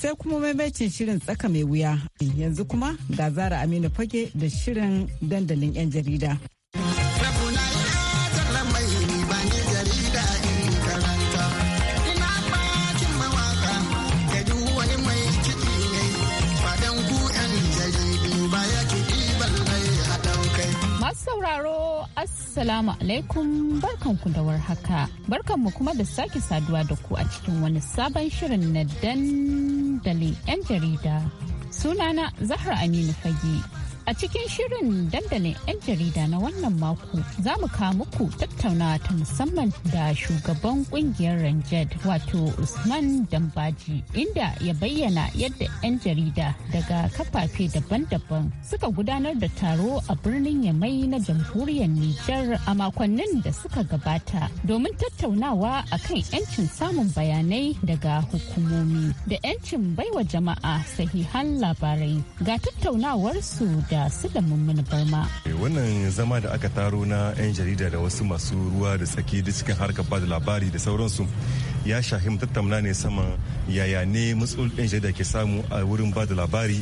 sai kuma maimacin shirin tsaka mai wuya yanzu kuma ga zara aminu fage da shirin dandalin 'yan jarida sauraro Assalamu alaikum barkanku da warhaka. Barkanmu kuma da sake saduwa da ku a cikin wani sabon shirin na dandalin 'yan jarida. Sunana Zahra Aminu Fage. A cikin shirin dandalin 'yan jarida na wannan mako za mu kawo muku tattaunawa ta musamman da shugaban kungiyar Ranjad wato Usman Dambaji inda ya bayyana yadda 'yan jarida daga kafafe daban-daban suka gudanar da taro a birnin Yamai na jamhuriyar Nijar a makonnin da suka gabata domin tattaunawa a kan 'yancin samun bayanai daga hukumomi da 'yancin baiwa jama'a sahihan labarai ga tattaunawarsu da da Sulaiman Mini Barma. Eh, wannan zama da aka taro na 'yan jarida da wasu masu ruwa da tsaki da cikin harkar bada labari da sauransu ya shahim tattauna ne sama yaya ne matsalolin 'yan jarida ke samu a wurin bada labari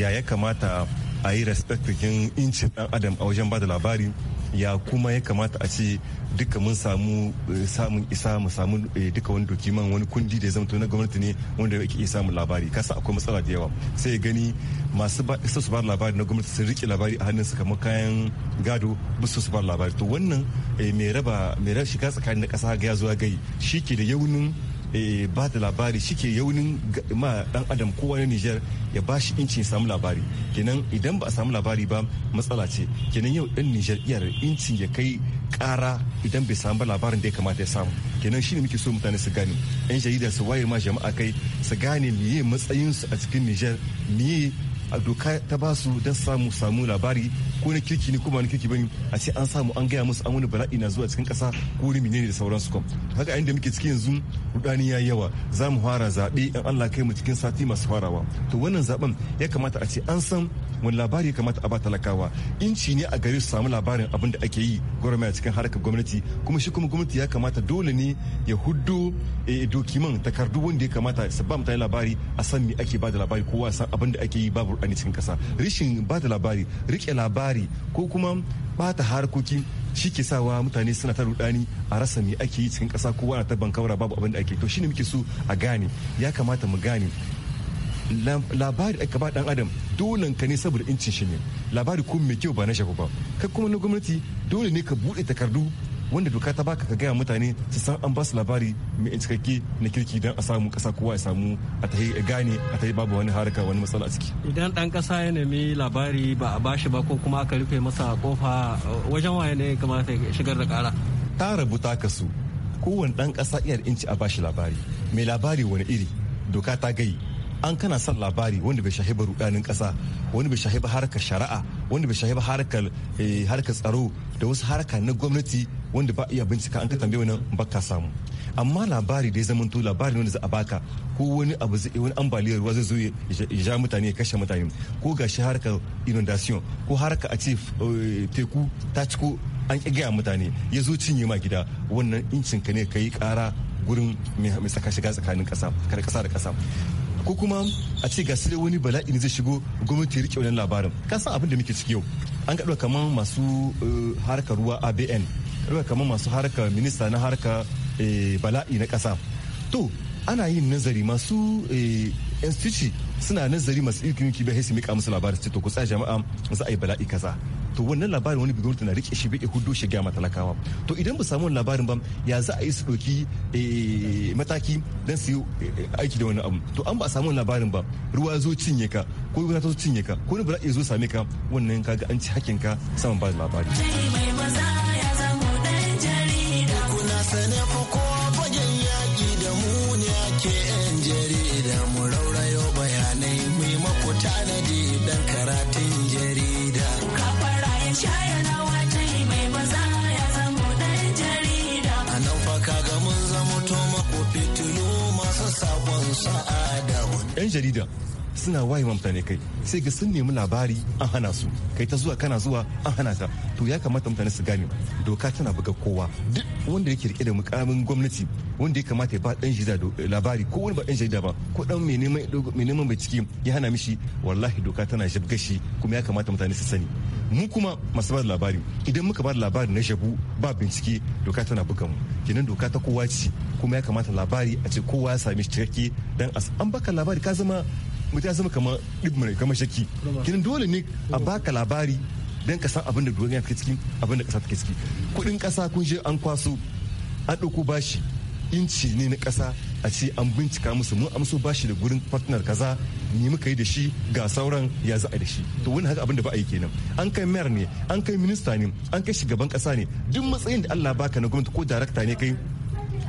ya ya kamata a yi respectin incin dan adam a wajen bada labari ya kuma ya kamata a ce duka mun samu eh, samun isa mu samu eh, duka wani man wani kundi da zama na gwamnati ne wanda yake iya samun labari kasa akwai matsala da yawa sai gani masu isa su ba labari na gwamnati sun rike labari a hannun su kamar kayan gado bisa su bar labari to wannan eh, mai raba mai raba shiga tsakanin na kasa ga ya zuwa gai shi ke da yaunin Eh, ba da labari shike yaunin ma dan adam kowa na Nijar ya ba shi inci ya samu labari kenan idan ba a samu labari ba matsala ce kenan yau dan Niger iyar incin ya kai kara idan bai samu labarin da ya kamata ya samu kenan shine muke so mutane su gani yan jarida su wayar ma jama'a kai su gane matsayin su a cikin Nijar miye a doka ta basu don samu samu labari ko na kirki ne ko ba na kirki bane a ce an samu an gaya musu an wani bala'i na zuwa cikin kasa ko wani menene da sauran su kam haka inda muke ciki yanzu rudani ya yawa za mu fara zaɓe in Allah kai mu cikin sati masu farawa to wannan zaben ya kamata a ce an san wani labari ya kamata a ba talakawa in ci ne a gari su samu labarin abin da ake yi gwamnati a cikin harkar gwamnati kuma shi kuma gwamnati ya kamata dole ne ya huddo eh, dokiman takardu wanda ya kamata su ba mutane labari a san me ake ba da labari kowa san abin da ake yi babu rudani cikin kasa rishin ba da labari rike labari tsari ko kuma bata harkoki shi ke sawa mutane suna ta rudani a rasa me ake yi cikin kasa ko wani ta bankaura babu abinda da ake to shine muke so a gane ya kamata mu gane labari aka ba dan adam dole ka ne saboda incin shi ne labari ko mai kyau ba na shafa ba kai kuma na gwamnati dole ne ka bude takardu wanda doka ta baka ka gaya mutane su san an ba su labari mai cikakke na kirki don a samu kasa kowa ya samu a ta gane a ta babu wani haraka wani matsala a ciki idan dan kasa ya nemi labari ba a bashi ba ko kuma aka rufe masa kofa wajen waye ne kamata ya shigar da kara ta rabu ta kasu kowane dan kasa iya inci a bashi labari mai labari wani iri doka ta gai. an kana san labari wanda bai shahi ba rudanin kasa wanda bai shahi ba harkar shari'a wanda bai shahi ba harkar eh, harkar tsaro da wasu harka na gwamnati wanda ba iya bincika an ka tambaye wannan ba ka samu amma labari da ya zama labari wanda za a baka ko wani abu zai wani ambaliyar ruwa zai zo ya ja mutane ya kashe mutane ko gashi harkar inundation ko harka a ce eh, teku ta ciko an ƙi gaya mutane ya zo cinye ma gida wannan incinka ne ka yi ƙara gurin mai saka shiga tsakanin kasa da kasa ko kuma a ce ga sai wani bala'i ne zai shigo gwamnati rike wannan labarin ka san abin da muke ciki yau an kaɗa kamar masu eh, harkar ruwa abn kaɗa kamar masu harkar minista na harkar eh, bala'i na ƙasa to ana yin nazari masu eh, institute suna nazari masu ilkin yuki bai sai mika musu labarin sai kusa jama'a za a yi bala'i kaza to wannan labarin wani bigon na rike shi bai hudu shi gama talakawa to idan ba samu labarin ba ya za a yi su ɗauki eh, mataki don su yi eh, aiki da wani abu to an ba samu labarin ba ruwa zo cinye ka ko ruwa ta zo cinye ka ko ni bala'i iya zo same ka wannan kaga an ci hakinka ka saman ba labari. jarida suna waye mutane kai sai ga sun nemi labari an hana su kai ta zuwa kana zuwa an hana ta to ya kamata mutane su gane doka tana buga kowa duk wanda yake rike da mukamin gwamnati wanda ya kamata ya ba dan jarida labari ko wani ba dan jarida ba ko dan mai neman ciki ya hana mishi wallahi doka tana shi kuma ya kamata mutane su sani mu kuma masu ba da labari idan muka ba da labari na shabu ba bincike doka tana buga mu kenan doka ta kowa ce kuma ya kamata labari a ce kowa ya sami shi cikakke dan an baka labari ka zama mutum ya zama kamar ɗibmai kamar shakki kinan dole ne a baka labari don ka san abin da duniya take ciki abin da ƙasa take ciki kuɗin ƙasa kun je an kwaso an ɗauko bashi inci ne na ƙasa a ce an bincika musu mun amso bashi da gurin partner kaza ni muka yi da shi ga sauran ya za a da shi to wani haka abin da ba a yi kenan an kai mayor ne an kai minista ne an kai shugaban ƙasa ne duk matsayin da Allah baka na gwamnati ko director ne kai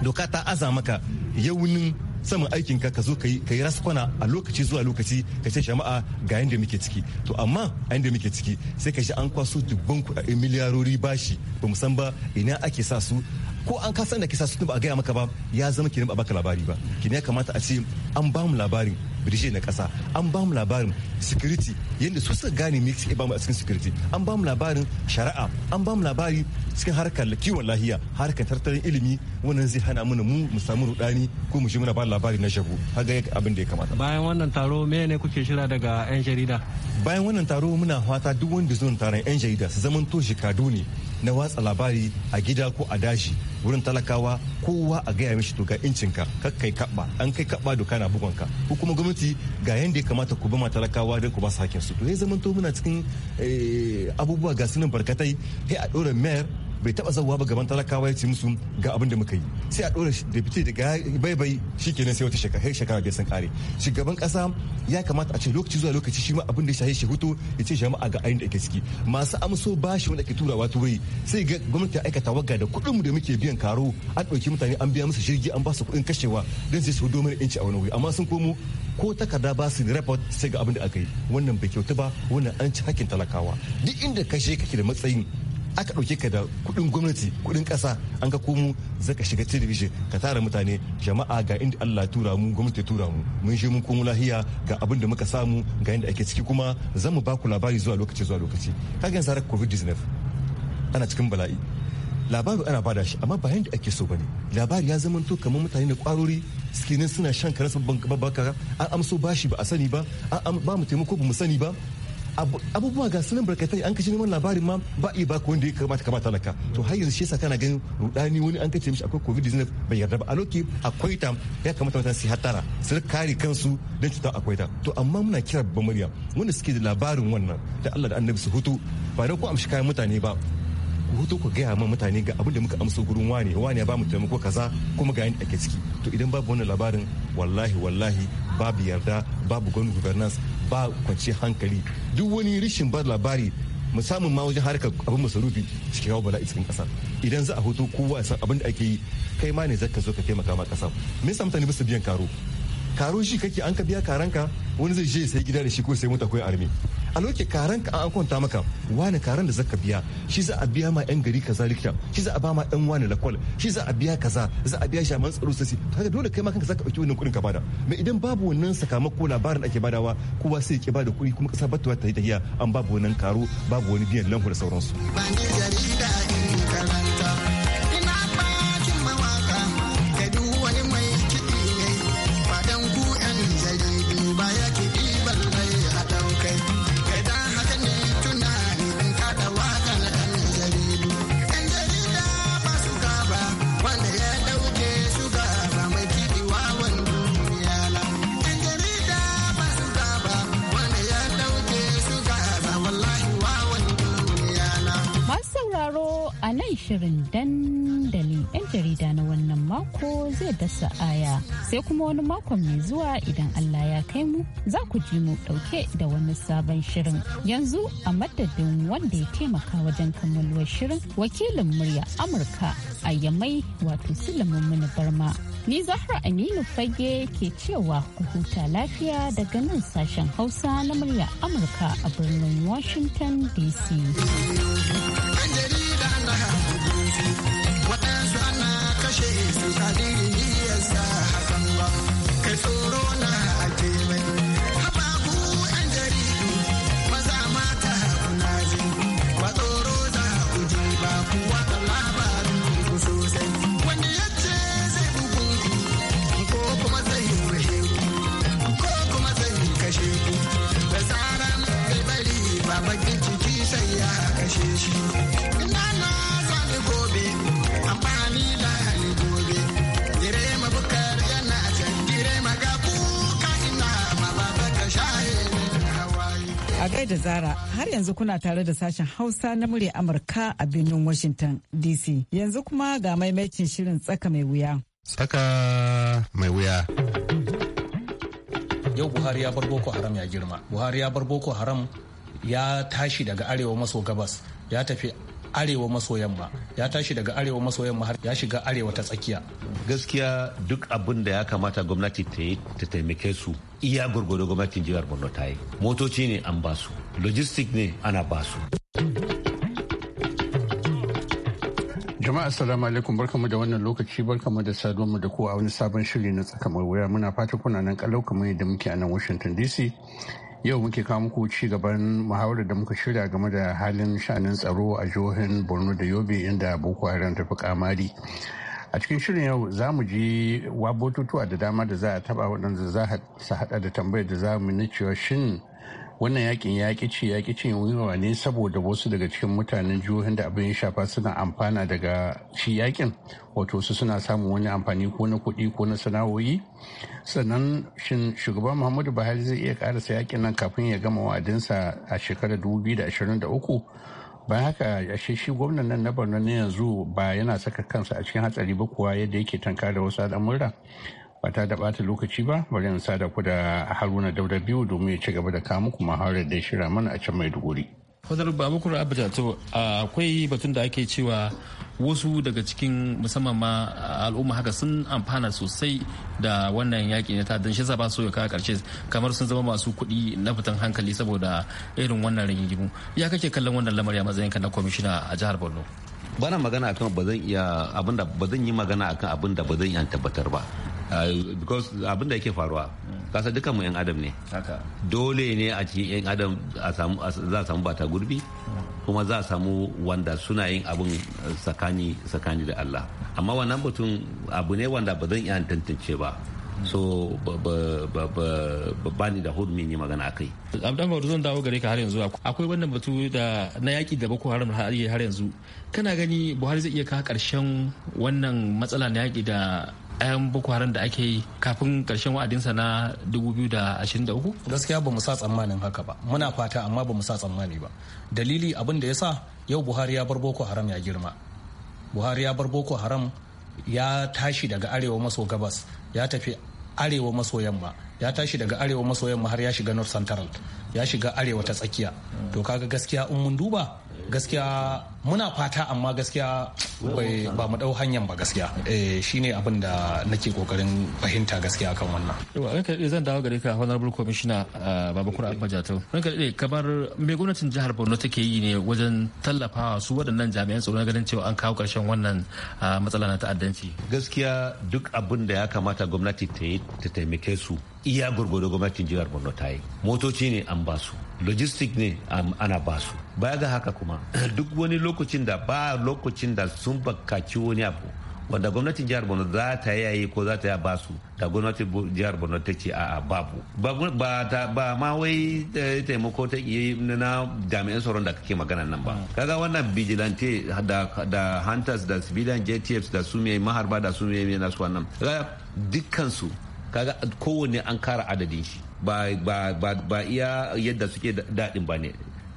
doka ta aza maka yaunin saman aikin ka ka zo ka yi raskwana a lokaci zuwa lokaci ka ce jama'a ga yanda muke ciki to amma a yanda muke ciki sai ka shi an kwaso dubban kuɗaɗe miliyarori bashi ba mu san ba ina ake sa su ko an ka da kisa sun ba a gaya maka ba ya zama kini ba baka labari ba kenan ya kamata a ce an ba mu labarin birje na kasa an ba mu labarin security yadda su suka gane mix suke ba mu a cikin security an ba mu labarin shari'a an ba mu labari cikin harkar kiwon lahiya harkar tattalin ilimi wannan zai hana mana mu mu samu rudani ko mu shi muna ba labari na shagu ga abin da ya kamata bayan wannan taro me ne kuke shira daga yan jarida bayan wannan taro muna fata duk wanda zuwa taron yan jarida su zamanto shi ne na watsa labari a gida ko a daji wurin talakawa kowa a gaya mishi to ga incinka ka kai kaɓa an kai kaɓa doka na bugonka ko kuma gwamnati ga yanda ya kamata ku bama talakawa don ku ba su hakin su to ya zama to muna cikin eh, abubuwa ga sunan barkatai sai a ɗora mayar bai taba zauwa ba gaban talakawa ya ce musu ga abin da muka yi sai a dora deputy daga bai bai shikenan sai wata shekara shekara bai san kare shugaban kasa ya kamata a ce lokaci zuwa lokaci shi ma abin da shahi shi hutu ya ce jama'a ga ayin da ake ciki masu amso shi wanda ake turawa turai sai ga gwamnati ta aikata wagga da kuɗin mu da muke biyan karo an ɗauki mutane an biya musu jirgi an ba su kuɗin kashewa don sai su domin inci a wani wuri amma sun komo ko takarda ba su da report sai ga abin da aka yi wannan bai kyauta ba wannan an ci hakkin talakawa duk inda kashe kake da matsayin aka ɗauke ka da kuɗin gwamnati kuɗin ƙasa an ka komo za ka shiga telebijin ka tara mutane jama'a ga inda Allah tura mu gwamnati tura mu mun je mun komo lahiya ga abin da muka samu ga inda ake ciki kuma zan mu ba ku labari zuwa lokaci zuwa lokaci kaga yanzu sarar covid-19 ana cikin bala'i labari ana bada shi amma ba da ake so bane labari ya zama to kamar mutane da kwarori suke nan suna shan karas babbaka an amso bashi ba a sani ba ba mu taimako ba mu sani ba abubuwa ga sunan barkatai an kashe neman labarin ma ba iya ba wanda ya kamata kamata laka to har yanzu shi yasa kana ganin rudani wani an kace mishi akwai covid-19 bai yarda ba a loki akwai ta ya kamata mutane su hatara su kare kansu don cuta akwai ta to amma muna kira babban murya wanda suke da labarin wannan da Allah da Annabi su hutu ba don ko amshi kayan mutane ba ku hutu ku gaya ma mutane ga abin da muka amsa gurin wane wane ya ba mu taimako kaza kuma ga yadda ake ciki to idan babu wannan labarin wallahi wallahi babu yarda babu gwamnati governance ba kwanci hankali duk wani rishin ba labari musamman ma wajen harkar abin masarufi suke bala'i cikin kasa idan za a hoto kowa a san abin da ake yi kai ma ne zaka zo ka taimaka ma kasa me yasa mutane su biyan karo karo shi kake an ka biya karanka wani zai je sai gida da shi ko sai mota ko ya a loke karan ka an kwanta maka wani karan da zaka biya shi za a biya ma yan gari kaza likita shi za a ba ma yan wani lakwal shi za a biya kaza za a biya shaman tsaro sasi kaga dole kai ma kanka zaka dauki wannan kuɗin ka bada mai idan babu wannan sakamako labarin ake badawa kowa sai ya bada kuɗi kuma kasa batuwa ta yi tahiya an babu wannan karo babu wani biyan lanku da sauransu. Ban jarida in karanta ya dasa aya sai kuma wani makon mai zuwa idan Allah ya kai mu za ku ji mu dauke da wani sabon shirin yanzu a madadin wanda ya taimaka wajen kammaluwar shirin wakilin murya Amurka a Yamai wato Sulaiman mini Barma ni Zahra Aminu Fage ke cewa ku huta lafiya daga nan sashen Hausa na murya Amurka a birnin Washington DC. waɗansu ana da Zara har yanzu kuna tare da sashen Hausa na murya Amurka a birnin Washington DC. Yanzu kuma ga maimakin shirin tsaka mai wuya. Tsaka mai wuya. Yau Buhari ya bar Boko Haram ya girma. Buhari ya bar Boko Haram ya tashi daga arewa maso gabas ya tafi arewa maso yamma ya tashi daga arewa maso yamma har ya shiga arewa ta tsakiya gaskiya duk abin da ya kamata gwamnati ta yi ta taimake su iya gurgudu gwamnatin jihar borno ta yi motoci ne an ba su logistic ne ana su. jama'a assalamu alaikum barkamu da wannan lokaci barkamu da saduwa da kowa wani sabon shiri na tsakamar wuya muna fata kuna nan kalau kamar yadda muke a nan washington dc yau muke kawo muku ci gaban muhawarar da muka shirya game da halin sha'anin tsaro a jihohin borno da yobe inda boko haram tafi kamari a cikin shirin yau za mu ji wa da dama da za a taba waɗanda za su haɗa da tambayar da za mu na cewa shin wannan yakin ya ce ya ce wiwa ne saboda wasu daga cikin mutanen jihohin da abin ya shafa suna amfana daga shi yakin wato su suna samun wani amfani ko na kuɗi ko na sana'o'i sannan shin shugaban muhammadu buhari zai iya karasa yakin nan kafin ya gama wa'adinsa a shekarar 2023 bayan haka ashe shi gwamnan nan na borno na yanzu ba yana saka kansa a cikin hatsari ba kuwa yadda yake tanka da wasu al'amura ba ta da bata lokaci ba bari in sada ku da haruna dauda biyu domin ya ci gaba da kamu kuma harar da shira mana a can maiduguri fadar babu kura abuja to akwai batun da ake cewa wasu daga cikin musamman ma al'umma haka sun amfana sosai da wannan yaƙi na don shi ba so ya kawo ƙarshe kamar sun zama masu kuɗi na fitan hankali saboda irin wannan rigingimu ya kake kallon wannan lamari a matsayinka na kwamishina a jihar borno bana magana akan ba zan iya abinda ba zan yi magana akan abin da ba zan iya tabbatar ba Eh, because abin da yake faruwa kasa dukkan mu yan adam ne dole ne a cikin yan adam za a samu bata gurbi kuma za a samu wanda suna yin abin tsakani da Allah amma wannan batun abu ne wanda ba zan iya tantance ba so ba ni da hudu ne magana kai. abdan bauru zan dawo gare ka har yanzu akwai wannan batu da na yaki da boko haram har yanzu kana gani buhari zai iya kawo karshen wannan matsala na yaki da ayan bukwaran haram da ake yi kafin karshen wa'adinsa na 2023 gaskiya ba mu sa tsammanin haka ba muna fata amma ba mu sa tsammani ba dalili abin da ya sa yau buhari ya bar boko haram ya girma buhari ya bar boko haram ya tashi daga arewa maso gabas ya tafi arewa maso yamma ya tashi daga arewa maso yamma har ya shiga north central ya shiga arewa ta tsakiya to kaga gaskiya in mun duba gaskiya muna fata amma gaskiya ba mu dau hanyar ba gaskiya eh, shine abin da nake kokarin fahimta gaskiya akan wannan an kai zan dawo gare ka honorable commissioner uh, babakura abba jato an kai kamar me gwamnatin jihar borno take yi ne wajen tallafawa su waɗannan jami'an tsaro na ganin cewa an kawo ƙarshen wannan uh, matsala na ta'addanci gaskiya duk abin da ya kamata gwamnati ta yi ta taimake su iya gurgudu gwamnatin jihar borno ta yi motoci ne an basu logistic ne ana basu baya ga haka kuma duk wani lokaci lokacin da ba lokacin da sun bakaci wani abu wanda gwamnatin jihar borno za ta yayi ko za ta ya basu da gwamnatin jihar borno ta ce a babu ba ma wai eh, taimako ta yi na jami'an tsaron da kake magana nan ba mm. kaga wannan vigilante da hunters da civilian jtfs da su mai maharba da su mai nasu wannan dukkansu kaga kowane an kara adadin shi ba iya yadda suke daɗin ba ne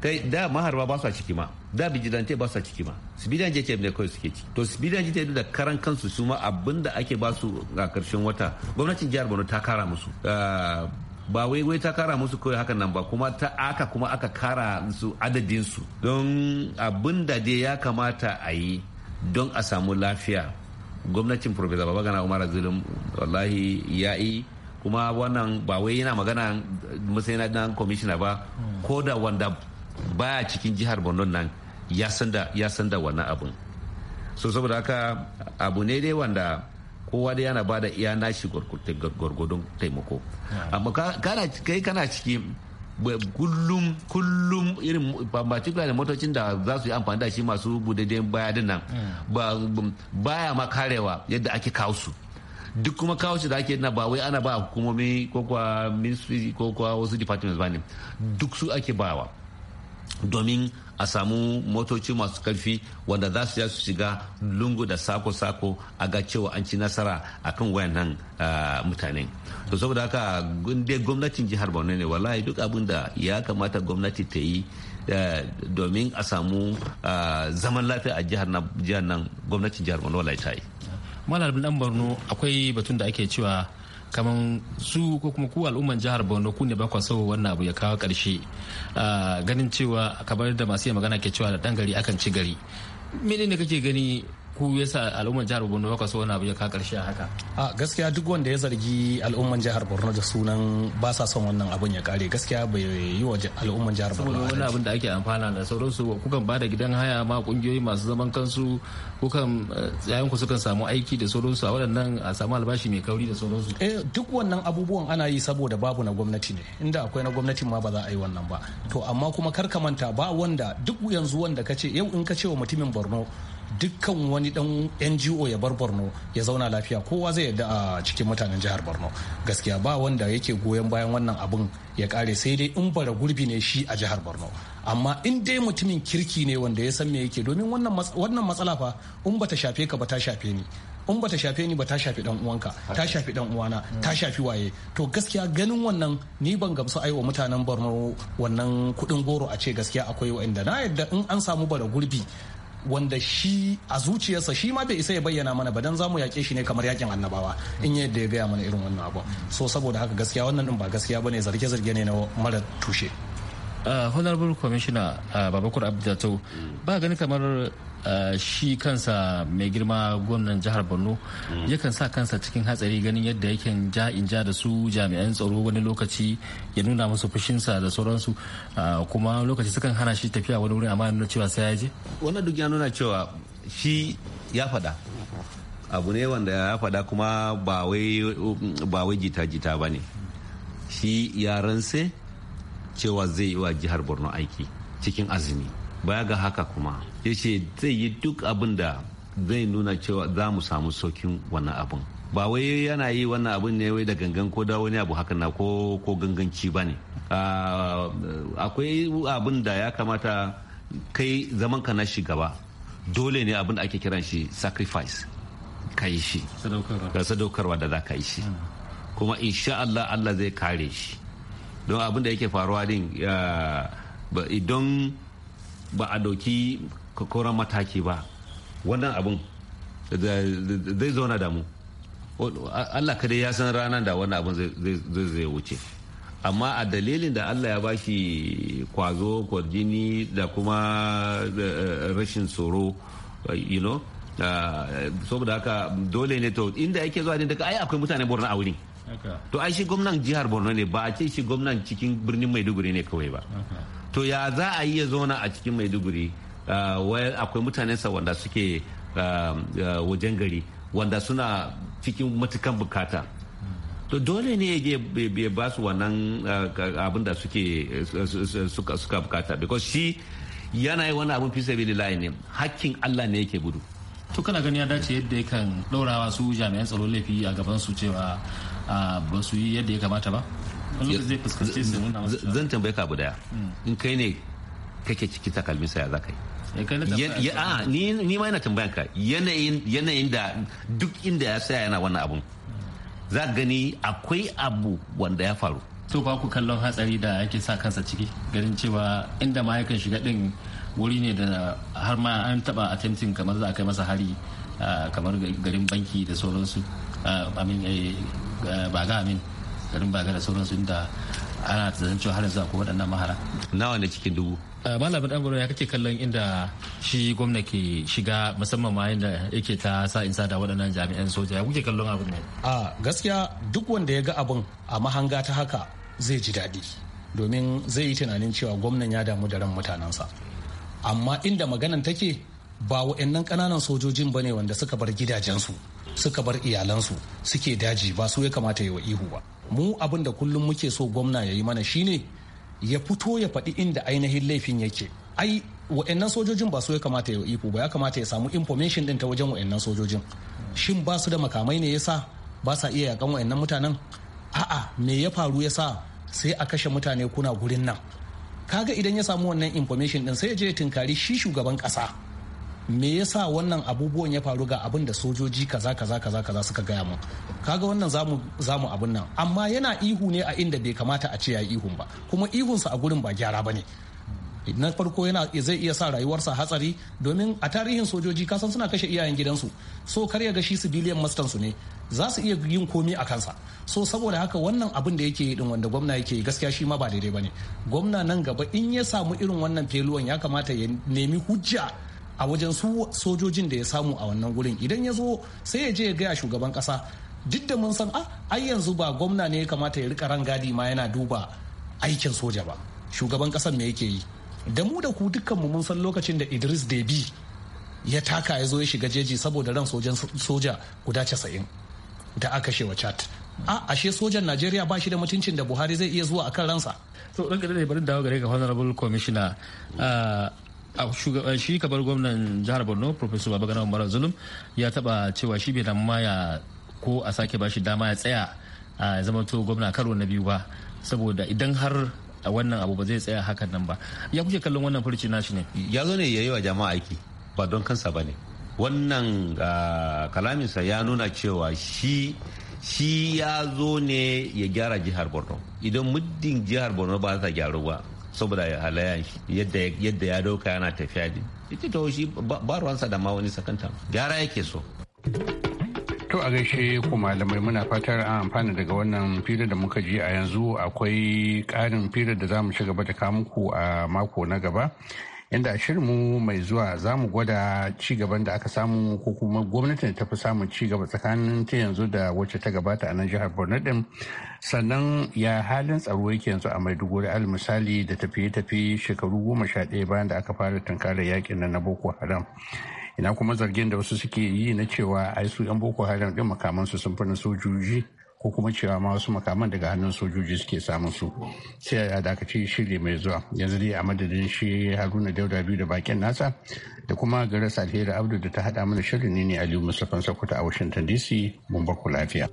kai da maharba ba su ciki ma da bijidante ba su ciki ma je jtf ne kawai suke ciki to civilian jtf da karan kansu su ma abin da ake ba su a karshen wata gwamnatin jihar borno ta kara musu ah, ba wai wai ta kara musu kawai hakan nan ba kuma ta aka kuma aka kara su adadin su don abin da dai ya kamata a yi don a samu lafiya gwamnatin baba babagana umar azulun wallahi ya yi kuma wannan ba wai yana magana matsayin na commissioner ba ko da wanda baya cikin jihar borno nan ya san da wannan abun so saboda haka abu ne dai wanda kowa da yana bada iya nashi gwargwadon taimako amma kai kana ciki kullum kullum irin particular da motocin da za su yi amfani da shi masu budadden baya din nan baya ma karewa yadda ake kawo su duk kuma kawo shi da ake na ba wai ana ba hukumomi ko kwa ministry ko kwa wasu departments ba ne duk su ake bawa domin a samu motoci masu karfi wanda za su su shiga lungu da sako-sako a ga cewa an ci nasara a kan wayannan mutane to saboda haka dai gwamnatin jihar borno ne wallahi duk abin da ya kamata gwamnati ta yi eh, domin a samu zaman lafiya a jihar nan gwamnatin jihar borno wallahi ta yi malar dan borno akwai batun da ake cewa kamar su ko kuma ku al'umman jihar borno ku ne bakwa sau wannan abu ya kawo karshe ah, ganin cewa kamar da masu magana ke cewa da ɗan gari akan ci gari menene kake gani ku yasa al'umman jihar Borno baka so wani abu ya ka karshe haka a gaskiya duk wanda ya zargi al'umman jihar Borno da sunan ba sa son wannan abun ya kare gaskiya bai yi wa al'umman jihar Borno wani abun da ake amfana da sauransu kukan ba da gidan haya ma kungiyoyi masu zaman kansu kukan eh, yayin ku sukan samu aiki da sauransu a waɗannan a samu albashi mai kauri da sauransu eh duk wannan abubuwan ana yi saboda babu na gwamnati ne inda akwai na gwamnati ma ba za a yi wannan ba to amma kuma kar ka manta ba wanda duk yanzu wanda ka ce yau in ka ce wa mutumin Borno dukkan wani dan NGO ya bar Borno ya zauna lafiya kowa zai yarda a cikin mutanen jihar Borno gaskiya ba wanda yake goyon bayan wannan abun ya kare sai dai in bara gurbi ne shi a jihar Borno amma in dai mutumin kirki ne wanda ya san me yake domin wannan matsala fa in bata shafe ka ba ta shafe ni in bata shafe ni ba ta shafe dan uwanka ta shafe dan uwana hmm. ta shafi waye to gaskiya ganin wannan ni ban gamsu aiwa mutanen Borno wannan kudin goro a ce gaskiya akwai wa'anda na yadda in an samu bara gurbi wanda shi a zuciyarsa shi ma bai isa ya bayyana mana ba dan zamu yake shi ne kamar yakin annabawa in yadda ya gaya mana irin wannan abu so saboda haka gaskiya wannan din ba gaskiya bane zarge-zarge ne na mara tushe Uh, honorable commissioner uh, babakur abdulato ba gani kamar uh, shi kansa mai girma gwamnan jihar borno yakan sa kansa cikin hatsari ganin yadda yake ja in ja da su jami'an tsaro wani lokaci ya nuna musu fushinsa da sauransu kuma lokaci sukan hana shi tafiya wani wurin amma nuna cewa sai ya je wannan duk ya nuna cewa shi ya faɗa abu ne wanda ya faɗa kuma ba wai jita-jita ba ne shi ya rantse cewa zai yi wa jihar borno aiki cikin azumi baya ga haka kuma ya ce zai yi duk abin da zai nuna cewa za mu samu saukin wannan abin ba wai yana yi wannan abin ne wai da gangan ko da wani abu haka na ko ko ganganci ba ne ah, akwai abin da ya kamata kai zaman ka na shigaba dole ne abin da ake kiran shi sacrifice ka yi shi sadaukarwa da za ka yi shi hmm. kuma insha Allah Allah zai kare shi don abin da yake faruwa din idan ba a dauki koran mataki ba wannan abin zai zauna damu allah kadai ya san ranar da wannan abin zai wuce amma a dalilin da allah ya bashi kwazo kwarjini da kuma eh, eh, rashin tsoro you know ah, saboda haka dole ne to inda yake zuwa din daga ai akwai mutane borna a wurin to ai shi gwamnan jihar borno ne ba a ce shi gwamnan cikin birnin maiduguri ne kawai ba to ya za a yi ya zauna a cikin maiduguri uh, akwai mutanensa wanda suke um, uh, wajen gari wanda suna cikin matukan bukata to dole ne ya ya ba su wannan uh, abin da suke suka bukata because shi yana yi wani abin fi sabilillahi ne hakkin Allah ne yake gudu to kana gani ya dace yadda yakan ɗaurawa su jami'an tsaro laifi a gaban su cewa ba su yi yadda ya kamata ba zan tambaye ka abu daya in kai ne kake ciki sa saya za ka yi ni ma yana tambayan ka yanayin da duk inda ya saya yana wannan abun za gani akwai abu wanda ya faru to ba ku kallon hatsari da ake sa kansa ciki ganin cewa inda ma yakan shiga din wuri ne da har ma an taba attempting kamar za a kai masa hari kamar garin banki da sauransu eh, Ba ga amin garin ba ga da sauransu inda ana tsanin cewa har yanzu akwai waɗannan mahara nawa ne cikin dubu malamin ɗanɓaro ya kake kallon inda shi gwamna ke shiga musamman ma yadda yake ta sa in da waɗannan jami'an soja ya kuke kallon abin ne a gaskiya duk wanda ya ga abin a mahanga ta haka zai ji daɗi domin zai yi tunanin cewa gwamnan ya damu da ran mutanensa amma inda maganan take ba wa'annan ƙananan sojojin ba ne wanda suka bar gidajensu suka bar iyalansu suke daji ba su ya kamata ya wa ihu ba mu abin da kullum muke so gwamna ya yi mana shine ya fito ya faɗi inda ainihin laifin yake ai wa'annan sojojin ba su ya kamata ya ihu ba ya kamata ya samu information din ta wajen wa'annan sojojin shin ba su da makamai ne yasa ba sa iya yakan wa'annan mutanen a'a me ya faru yasa sai a kashe mutane kuna gurin nan kaga idan ya samu wannan information din sai ya je tinkari shi shugaban kasa me yasa wannan abubuwan ya faru ga abin da sojoji kaza kaza kaza kaza suka gaya mun kaga wannan zamu zamu abin nan amma yana ihu ne a inda bai kamata a ce ya ihun ba kuma ihunsa a gurin ba gyara ba ne. na farko yana zai iya sa rayuwarsa hatsari domin a tarihin sojoji kasan suna kashe iyayen gidansu so kar ya ga shi civilian mastan su ne za su iya yin komi a kansa so saboda haka wannan abin da yake din wanda gwamna yake gaskiya shi ma ba daidai bane gwamna nan gaba in ya samu irin wannan feluwan ya kamata ya nemi hujja a wajen su sojojin da ya samu a wannan gurin idan ya zo sai ya je ya gaya shugaban kasa duk da mun san a ah, ai yanzu ba gwamna ne ya kamata ya rika rangadi ma yana duba aikin soja ba shugaban kasan me yake yi da mu da ku dukkanmu mun san lokacin da idris debi ya taka ya zo ya shiga jeji saboda ran sojan soja guda casa'in da aka shewa chat a ah, ashe sojan najeriya ba shi da mutuncin da buhari zai iya zuwa akan ransa to ɗan ƙarfi bari dawo gare ga honorable commissioner ah, shi kabar gwamnan jihar borno professor babagana umar zulum ya taba cewa shi bai damu ko a sake bashi dama ya tsaya a zamanto gwamna karo na biyu ba saboda idan har wannan abu ba zai tsaya hakan nan ba ya kuke kallon wannan furci nashi ne ya zo ne yayi wa jama'a aiki ba don kansa ba ne wannan kalaminsa ya nuna cewa shi shi ya zo ne ya gyara jihar borno idan muddin jihar borno ba za ta gyaru ba saboda halayya yadda yadda ya ɗauka yana tafiya ne ita ta shi ba ruwansa da ma wani sakanta gyara yake so to a gaishe ku malamai muna fatar an amfana daga wannan filin da muka ji a yanzu akwai karin filin da za mu ci gaba da kamuku a mako na gaba inda a shirinmu mai zuwa za mu gwada cigaban da aka samu ko kuma gwamnatin ta fi samun cigaba tsakanin ta yanzu da wacce ta gabata a nan jihar borno din sannan ya halin tsaro yake yanzu a maiduguri al misali da tafiye-tafiye shekaru goma sha ɗaya bayan da aka fara tunkarar yakin na boko haram ina kuma zargin da wasu suke yi na cewa ai su yan boko haram din makamansu sun fi na sojoji ko kuma cewa ma wasu makaman daga hannun sojoji suke samun su sai a dakace shiri mai zuwa yanzu dai a madadin shi haruna dauda biyu da bakin nasa da kuma garas alheri abdu da ta hada mana shirin ne ne aliyu mustapha sokoto a washington dc mun ku lafiya.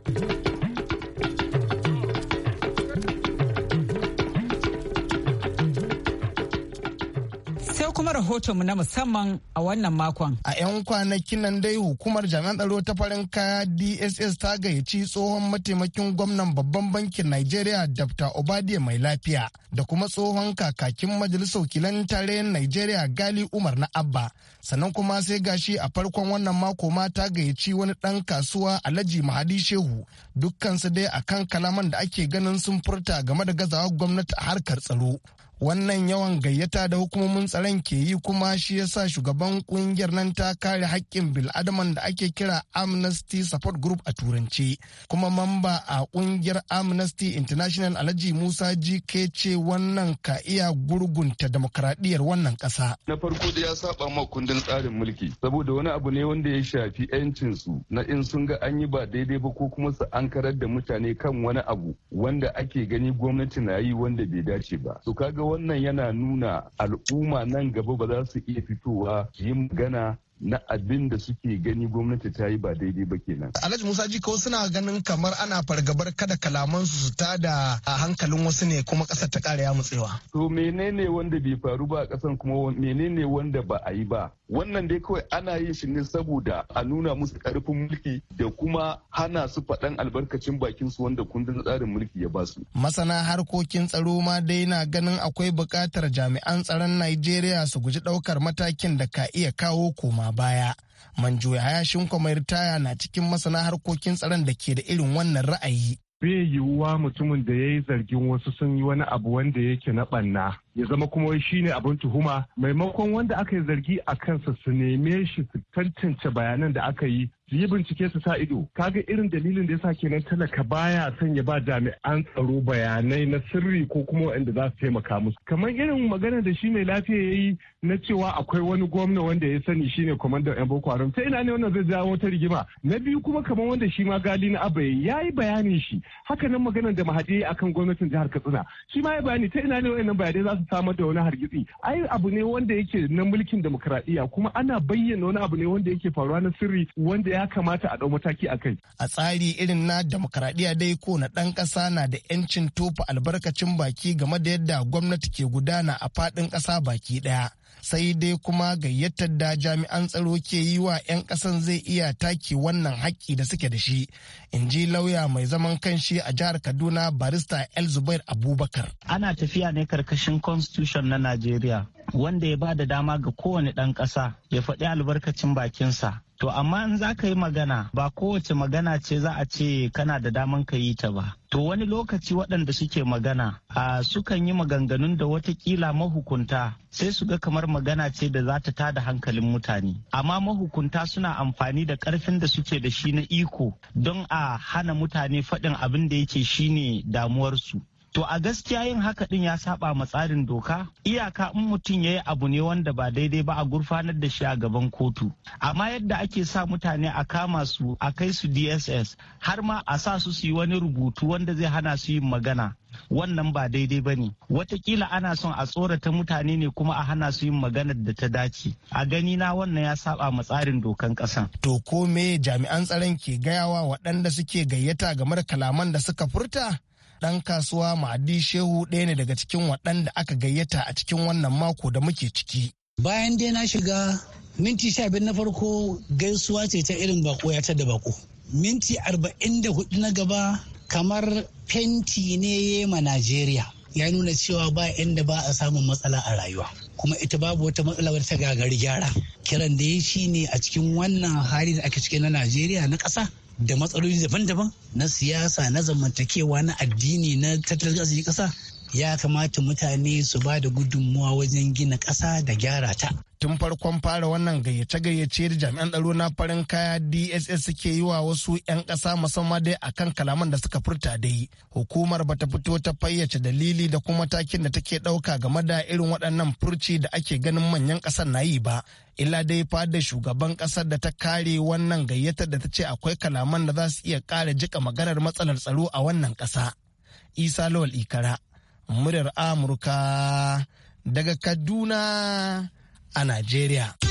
mu na musamman a wannan makon. A 'yan kwanakin nan dai hukumar jami'an tsaro ta farin kaya DSS ta gayyaci tsohon mataimakin gwamnan babban bankin Najeriya Dr. Obadiya mai lafiya da kuma tsohon kakakin majalisar wakilan tarayyar Najeriya Gali Umar na Abba. Sannan kuma sai gashi a farkon wannan mako ma ta gayyaci wani ɗan kasuwa Alhaji Mahadi Shehu dukkansu dai akan kalaman da ake ganin sun furta game da gazawar gwamnati a harkar tsaro. wannan yawan gayyata da hukumomin tsaron ke yi kuma shi yasa shugaban kungiyar nan ta kare haƙƙin bil'adaman da ake kira amnesty support group a turanci kuma mamba a kungiyar amnesty international alhaji musa jike ce wannan ka iya gurgunta demokradiyyar wannan ƙasa na farko da ya saba ma kundin tsarin mulki saboda wani abu ne wanda ya shafi yancin su na in sun ga an yi ba daidai ba ko kuma su ankarar da mutane kan wani abu wanda ake gani gwamnati na yi wanda bai dace ba to kaga wannan yana nuna al'umma nan gaba ba za su iya fitowa su yi magana na abin da suke gani gwamnati ta yi ba daidai ba kenan. Alhaji Musa jikawa suna ganin kamar ana fargabar kada kalaman su su tada da hankalin wasu ne kuma ƙasar ta ƙara ya mutsewa. To menene wanda bai faru ba a ƙasan kuma menene wanda ba a yi ba? Wannan dai kawai ana yin shi ne saboda a nuna musu karfin mulki da kuma hana su faɗan albarkacin bakin su wanda kundin tsarin mulki ya ba su. Masana harkokin tsaro ma dai na ganin akwai buƙatar jami'an tsaron Najeriya su guji ɗaukar matakin da ka iya kawo koma a baya manjo hayashin kwamayar taya na cikin masana harkokin tsaron da ke da irin wannan ra'ayi bai yiwuwa mutumin da ya yi zargin wasu sun yi wani abu wanda yake na ɓanna ya zama kuma shi ne abin tuhuma maimakon wanda aka yi zargi a kansa su neme shi su tantance bayanan da aka yi su yi bincike su sa ido kaga irin dalilin da ya sa kenan talaka baya son ya ba jami'an tsaro bayanai na sirri ko kuma wanda za su taimaka musu kamar irin magana da shi mai lafiya yayi na cewa akwai wani gwamna wanda ya sani shine kwamandan yan boko haram ta ina ne wannan zai jawo wata rigima na biyu kuma kamar wanda shi ma gali na abai ya yi bayanin shi haka nan maganar da mahadi akan gwamnatin jihar katsina shi ma ya bayani ta ina ne wannan bayanai za su samar da wani hargitsi ai abu ne wanda yake na mulkin demokradiyya kuma ana bayyana wani abu ne wanda yake faruwa na sirri wanda ya ya kamata a ɗau mataki a kai. A tsari irin na demokaradiyya dai ko na ɗan ƙasa na da 'yancin tofa albarkacin baki game da yadda gwamnati ke gudana a faɗin ƙasa baki ɗaya. Sai dai kuma gayyatar da jami'an tsaro ke yi wa 'yan ƙasan zai iya take wannan haƙƙi da suke da shi. In ji lauya mai zaman kanshi a jihar Kaduna barista El Zubair Abubakar. Ana tafiya ne karkashin constitution na Najeriya wanda ya ba da dama ga kowane ɗan ƙasa ya faɗi albarkacin bakinsa To amma in za ka yi magana ba kowace magana ce za a ce kana da daman ka yi ta ba. To wani lokaci waɗanda suke magana a sukan yi maganganun da watakila mahukunta sai su ga kamar magana ce da za ta tada hankalin mutane. Amma mahukunta suna amfani da ƙarfin da suke da shi na iko don a hana mutane faɗin abin da yake shine damuwarsu. to a gaskiya yin haka din ya saba ma tsarin doka iyaka in mutum ya yi abu ne wanda ba daidai ba a gurfanar da shi a gaban kotu amma yadda ake sa mutane a kama su a kai su dss har ma a sa su su yi wani rubutu wanda zai hana su yin magana wannan ba daidai ba ne watakila ana son a tsorata mutane ne kuma a hana su yin maganar da ta dace a gani na wannan ya saba ma tsarin dokan kasan to ko me jami'an tsaron ke gayawa waɗanda suke gayyata game da kalaman da suka furta ɗan kasuwa ma'adi shehu ɗaya ne daga cikin waɗanda aka gayyata a cikin wannan mako da muke ciki bayan dai na shiga minti sha biyar na farko gaisuwa ce ta irin bako ya ta da bako minti arba'in da hudu na gaba kamar fenti ne ma najeriya ya nuna cewa ba inda ba a samun matsala a rayuwa kuma ita babu wata matsala wata ta gagari gyara kiran da ya shi ne a cikin wannan hali da ake ciki na najeriya na ƙasa da matsaloli daban-daban na siyasa na zamantakewa na addini na tattalin arziki ƙasa ya kamata mutane su ba da gudunmuwa wajen gina ƙasa da gyara ta. Tun farkon fara wannan gayyace-gayyace da jami'an tsaro na farin kaya DSS suke yi wa wasu 'yan ƙasa musamman dai akan kalaman da suka furta da yi Hukumar bata fito ta fayyace dalili da kuma takin da take ɗauka game da irin waɗannan furci da ake ganin manyan ƙasar na yi ba. illa dai fada shugaban ƙasar da ta kare wannan gayyatar da ta ce akwai kalaman da za su iya ƙara jika maganar matsalar tsaro a wannan ƙasa isa lawal ikara muryar Amurka daga Kaduna a Najeriya.